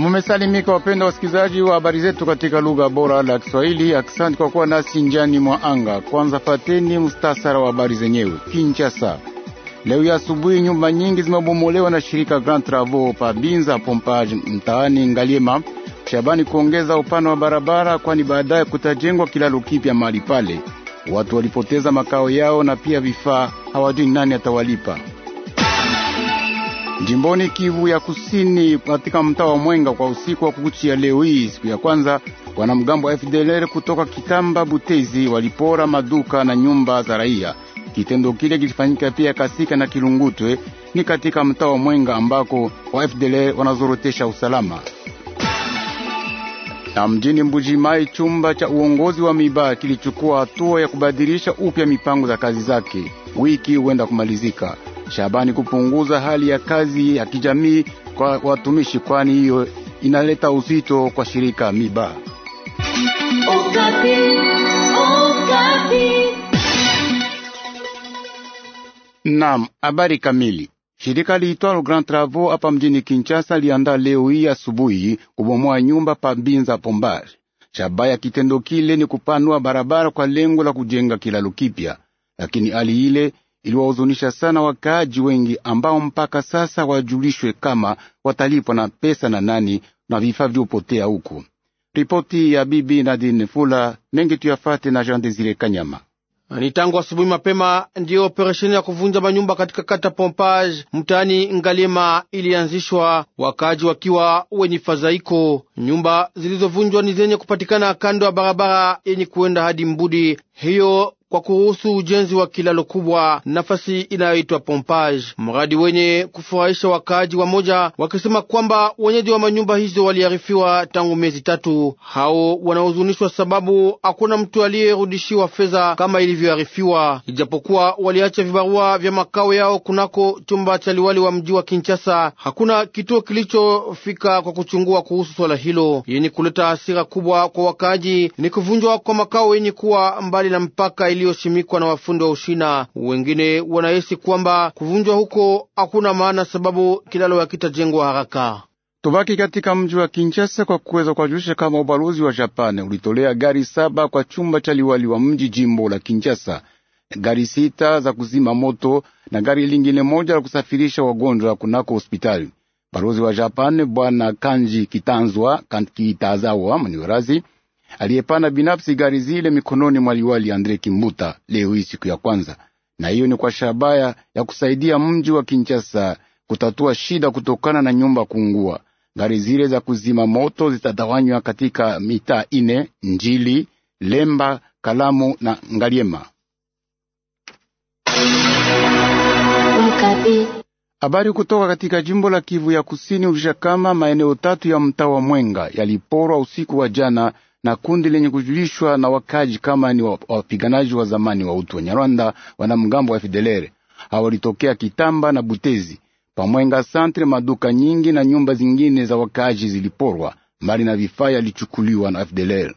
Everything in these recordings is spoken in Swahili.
Mumesalimika wapenda wasikilizaji wa habari zetu katika lugha bora la Kiswahili. aksanti kwa kuwa nasi njani mwa anga. Kwanza fateni mustasara wa habari zenyewe. Kinshasa leo ya asubuhi, nyumba nyingi zimebomolewa na shirika Grand Travaux pa Binza Pompage mtaani Ngaliema Shabani kuongeza upana wa barabara, kwani baadaye kutajengwa kilalo kipya mahali pale. Watu walipoteza makao yao na pia vifaa, hawajui nani atawalipa jimboni Kivu ya Kusini, katika mtaa wa Mwenga kwa usiku wa kukuchia leo hii, siku ya kwanza, wanamgambo wa FDLR kutoka Kitamba Butezi walipora maduka na nyumba za raia. Kitendo kile kilifanyika pia Kasika na Kilungutwe, ni katika mtaa wa Mwenga ambako wa FDLR wanazorotesha usalama na mjini Mbujimai, chumba cha uongozi wa Miba kilichukua hatua ya kubadilisha upya mipango za kazi zake. Wiki huenda kumalizika. Shabani kupunguza hali ya kazi ya kijamii kwa watumishi, kwani hiyo inaleta uzito kwa shirika Miba. Okapi, Okapi. Naam, habari kamili Shirika liitwalo Grand Travaux hapa mjini Kinshasa lianda leo hii asubuhi kubomoa nyumba pa Binza Pombari. shaba ya kitendo kile ni kupanua barabara kwa lengo la kujenga kilalo kipya, lakini hali ile iliwahuzunisha sana wakaaji wengi ambao mpaka sasa wajulishwe kama watalipwa na pesa na nani na vifaa vyopotea huku. Ripoti ya bibi Nadine Fula mengi tuyafate na Jean Desire Kanyama. Ni tangu asubuhi mapema ndiyo operesheni ya kuvunja manyumba katika kata Pompage mtaani Ngalema ilianzishwa, wakaaji wakiwa wenye fadhaiko. Nyumba zilizovunjwa ni zenye kupatikana kando ya barabara yenye kuenda hadi Mbudi. Hiyo kwa kuhusu ujenzi wa kilalo kubwa nafasi inayoitwa Pompage, mradi wenye kufurahisha wakaaji wa moja, wakisema kwamba wenyeji wa manyumba hizo waliarifiwa tangu miezi tatu. Hao wanahuzunishwa sababu hakuna mtu aliyerudishiwa fedha kama ilivyoarifiwa, ijapokuwa waliacha vibarua vya makao yao kunako chumba cha liwali wa mji wa Kinshasa. Hakuna kituo kilichofika kwa kuchungua kuhusu swala hilo. Yenye kuleta hasira kubwa kwa wakaaji ni kuvunjwa kwa makao yenye kuwa mbali na mpaka iliyosimikwa na wafundi wa Ushina. Wengine wanahisi kwamba kuvunjwa huko hakuna maana, sababu kilalo hakitajengwa haraka. Tubaki katika mji wa Kinshasa kwa kuweza kuwajulisha kama ubalozi wa Japani ulitolea gari saba kwa chumba cha liwali wa mji jimbo la Kinshasa, gari sita za kuzima moto na gari lingine moja la kusafirisha wagonjwa kunako hospitali. Balozi wa Japani Bwana Kanji Kitanzwa Kitazawa mniwerazi aliyepana binafsi gari zile mikononi mwa liwali Andre Kimbuta leo hii siku ya kwanza, na hiyo ni kwa shabaya ya kusaidia mji wa Kinshasa kutatua shida kutokana na nyumba kuungua. Gari zile za kuzima moto zitatawanywa katika mitaa ine: Njili, Lemba, Kalamu na Ngaliema. Habari kutoka katika jimbo la Kivu ya Kusini ushakama kama maeneo tatu ya mtaa wa Mwenga yaliporwa usiku wa jana na kundi lenye kujulishwa na wakaji kama ni wapiganaji wa zamani wa utu nyarwanda wanamgambo wa FDLR. Hawalitokea Kitamba na Butezi pamwenga santre, maduka nyingi na nyumba zingine za wakaji ziliporwa, mali na vifaa yalichukuliwa na FDLR.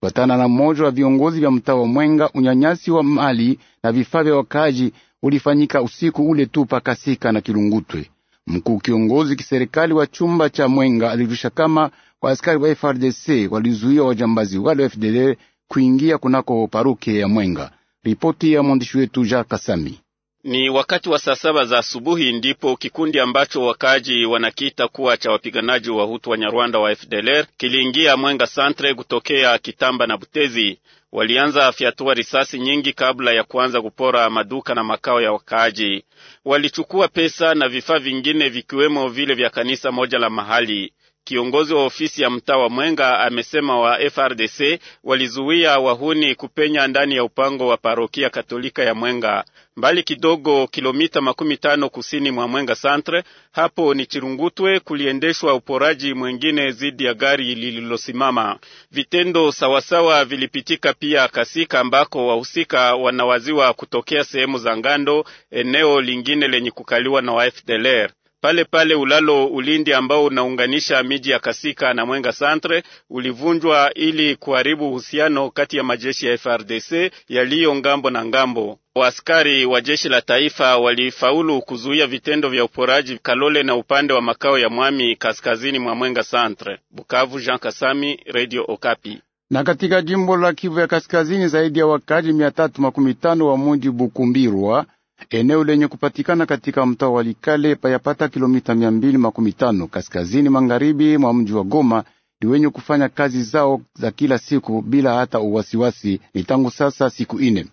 Kufuatana na mmoja wa viongozi vya mtaa wa Mwenga, unyanyasi wa mali na vifaa vya wakaji ulifanyika usiku ule tu pakasika na Kilungutwe. Mkuu kiongozi kiserikali wa chumba cha Mwenga alijulisha kama waaskari wa FRDC walizuia wajambazi wale wa FDLR kuingia kunako paruke ya Mwenga. Ripoti ya mwandishi wetu Jacques Kasami. Ni wakati wa saa saba za asubuhi ndipo kikundi ambacho wakaaji wanakiita kuwa cha wapiganaji wa Hutu wa Nyarwanda wa FDLR kiliingia Mwenga Santre kutokea Kitamba na Butezi. Walianza fyatua risasi nyingi kabla ya kuanza kupora maduka na makao ya wakaaji. Walichukua pesa na vifaa vingine vikiwemo vile vya kanisa moja la mahali. Kiongozi wa ofisi ya mtaa wa Mwenga amesema wa FRDC walizuia wahuni kupenya ndani ya upango wa parokia Katolika ya Mwenga, mbali kidogo, kilomita makumi tano kusini mwa Mwenga Centre. Hapo ni Chirungutwe, kuliendeshwa uporaji mwengine dhidi ya gari lililosimama. Vitendo sawasawa vilipitika pia Kasika, ambako wahusika wanawaziwa kutokea sehemu za Ngando, eneo lingine lenye kukaliwa na wa FDLR. Pale pale ulalo ulindi ambao unaunganisha miji ya Kasika na Mwenga Centre ulivunjwa ili kuharibu uhusiano kati ya majeshi ya FRDC yaliyo ngambo na ngambo. Waaskari wa jeshi la taifa walifaulu kuzuia vitendo vya uporaji Kalole na upande wa makao ya Mwami kaskazini mwa Mwenga Centre. Bukavu, Jean Kasami, Radio Okapi. Na katika jimbo la Kivu ya kaskazini zaidi ya wakaji 315 wa mji Bukumbirwa eneo lenye kupatikana katika mtaa wa Likale payapata kilomita mia mbili makumi tano kaskazini magharibi mwa mji wa Goma ni wenye kufanya kazi zao za kila siku bila hata uwasiwasi, ni tangu sasa siku ine,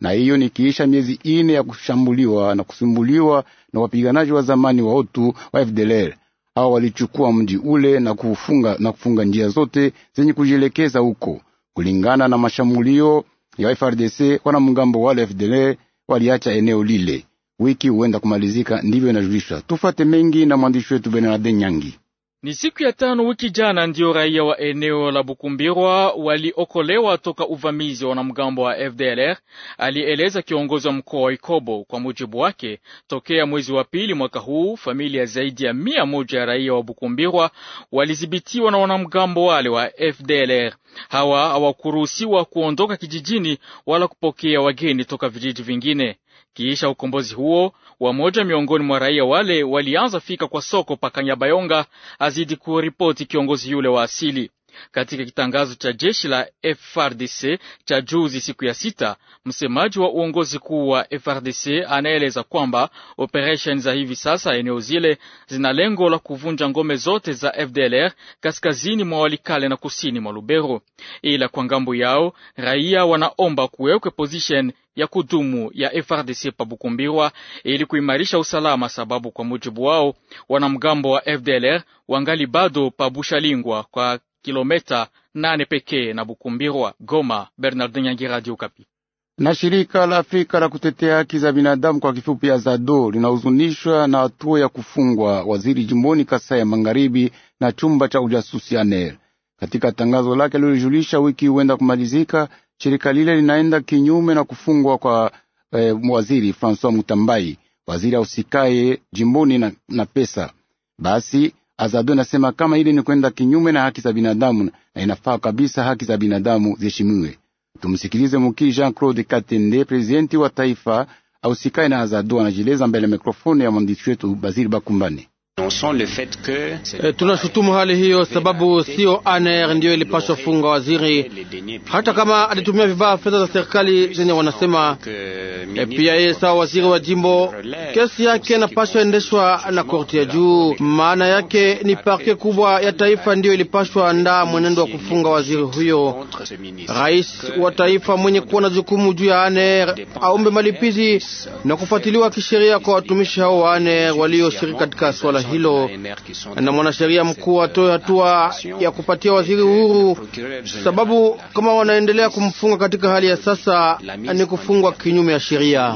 na hiyo nikiisha miezi ine ya kushambuliwa na kusumbuliwa na wapiganaji wa zamani wa Hutu wa FDLR. Hao walichukua mji ule na kufunga, na kufunga njia zote zenye kujielekeza huko. Kulingana na mashambulio ya FRDC, wanamgambo wale FDLR waliacha eneo lile. Wiki huenda kumalizika, ndivyo inajulishwa. Tufate mengi na mwandishi wetu Bernard Nyangi. Ni siku ya tano wiki jana ndiyo raia wa eneo la Bukumbirwa waliokolewa toka uvamizi wa wanamgambo wa FDLR, alieleza kiongozi wa mkoa wa Ikobo. Kwa mujibu wake, tokea mwezi wa pili mwaka huu familia zaidi ya mia moja ya raia wa Bukumbirwa walidhibitiwa na wanamgambo wale wa FDLR. Hawa hawakuruhusiwa kuondoka kijijini wala kupokea wageni toka vijiji vingine. Kiisha ukombozi huo, wamoja miongoni mwa raia wale walianza fika kwa soko pa Kanyabayonga azidi kuripoti kiongozi yule wa asili. Katika kitangazo cha jeshi la FRDC cha juzi siku ya sita, msemaji wa uongozi kuu wa FRDC anaeleza kwamba operesheni za hivi sasa eneo zile zina lengo la kuvunja ngome zote za FDLR kaskazini mwa Walikale na kusini mwa Lubero, ila kwa ngambo yao raia wanaomba kuwekwe position ya kudumu ya FRDC pabukumbirwa ili kuimarisha usalama, sababu kwa mujibu wao wanamgambo wa FDLR wangali bado pabushalingwa kwa kilometa nane pekee na Bukumbirwa, Goma. Bernard Nyangi, Radio Okapi. Na shirika la Afrika la kutetea haki za binadamu kwa kifupi Azado linahuzunishwa na hatua ya kufungwa waziri jimboni Kasai ya Magharibi na chumba cha ujasusi ANEL. Katika tangazo lake lilijulisha wiki huenda kumalizika, shirika lile linaenda kinyume na kufungwa kwa eh, waziri françois Mutambai, waziri ausikaye jimboni na, na pesa. Basi azado anasema kama ile ni kwenda kinyume na haki za binadamu, na inafaa kabisa haki za binadamu ziheshimiwe. Tumsikilize mkii Jean Claude Katende, prezidenti wa taifa ausikae na Azado, anajieleza mbele ya mikrofoni ya mwandishi wetu Baziri Bakumbane. Eh, Tunashutumu hali hiyo, sababu sio ANR ndiyo ilipashwa funga waziri, hata kama alitumia vibaya fedha za serikali zenye wanasema. Eh, pia yeye sawa waziri wa jimbo, kesi yake inapashwa endeshwa na korti ya juu. Maana yake ni parke kubwa ya taifa ndiyo ilipashwa andaa mwenendo wa kufunga waziri huyo. Rais wa taifa mwenye kuwa na jukumu juu ya ANR aombe malipizi na kufuatiliwa kisheria kwa watumishi hao wa ANR walioshiriki katika swala hilo, na mwanasheria mkuu atoe hatua ya kupatia waziri uhuru, sababu kama wanaendelea kumfunga katika hali ya sasa ni kufungwa kinyume ya sheria.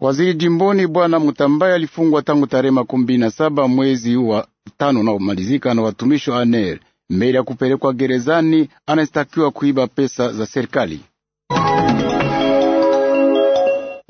Waziri jimboni Bwana Mutambaye alifungwa tangu tarehe makumi na saba mwezi wa tano unaomalizika na watumishi wa ANR mbele ya kupelekwa gerezani, anastakiwa kuiba pesa za serikali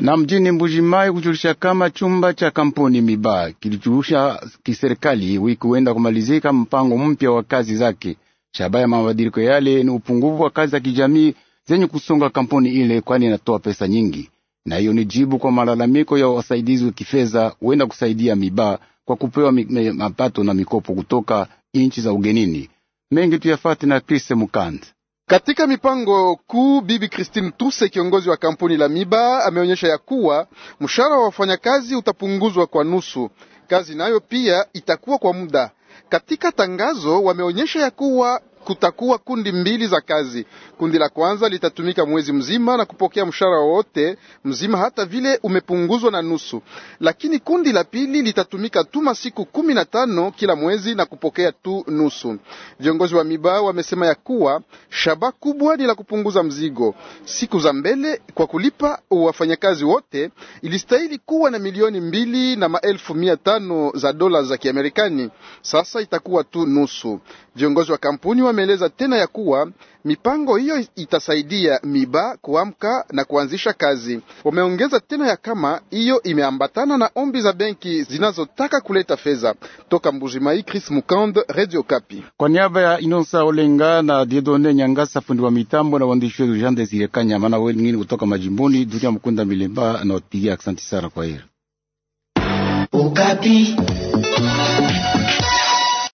na mjini Mbujimai kujulisha kama chumba cha kampuni Miba kilijulisha kiserikali wiki wenda kumalizika mpango mpya wa kazi zake. Shabaha ya mabadiliko yale ni upungufu wa kazi za kijamii zenye kusonga kampuni ile, kwani inatoa pesa nyingi, na hiyo ni jibu kwa malalamiko ya wasaidizi wa kifedha wenda kusaidia Miba kwa kupewa mapato na mikopo kutoka inchi za ugenini. Mengi tuyafate na Kriste mukanda katika mipango kuu, Bibi Christine Tuse, kiongozi wa kampuni la Miba, ameonyesha ya kuwa mshahara wa wafanyakazi utapunguzwa kwa nusu. Kazi nayo pia itakuwa kwa muda. Katika tangazo wameonyesha ya kuwa kutakuwa kundi mbili za kazi. Kundi la kwanza litatumika mwezi mzima na kupokea mshahara wote mzima, hata vile umepunguzwa na nusu, lakini kundi la pili litatumika tu masiku kumi na tano kila mwezi na kupokea tu nusu. Viongozi wa miba wamesema ya kuwa shaba kubwa ni la kupunguza mzigo siku za mbele kwa kulipa wafanyakazi wote. Ilistahili kuwa na milioni mbili na maelfu mia tano za dola za Kiamerikani, sasa itakuwa tu nusu. Viongozi wa kampuni wameeleza tena ya kuwa mipango hiyo itasaidia miba kuamka na kuanzisha kazi. Wameongeza tena ya kama hiyo imeambatana na ombi za benki zinazotaka kuleta fedha toka Mbujimai. Chris Mukand, Radio Kapi, kwa niaba ya inosa Olenga na Diedone Nyangasa, fundi wa mitambo na waandishi wetu Jean Desire Kanyama na wengine kutoka majimboni. Dunia Mkunda Milemba na watigia. Asante sana, kwa heri.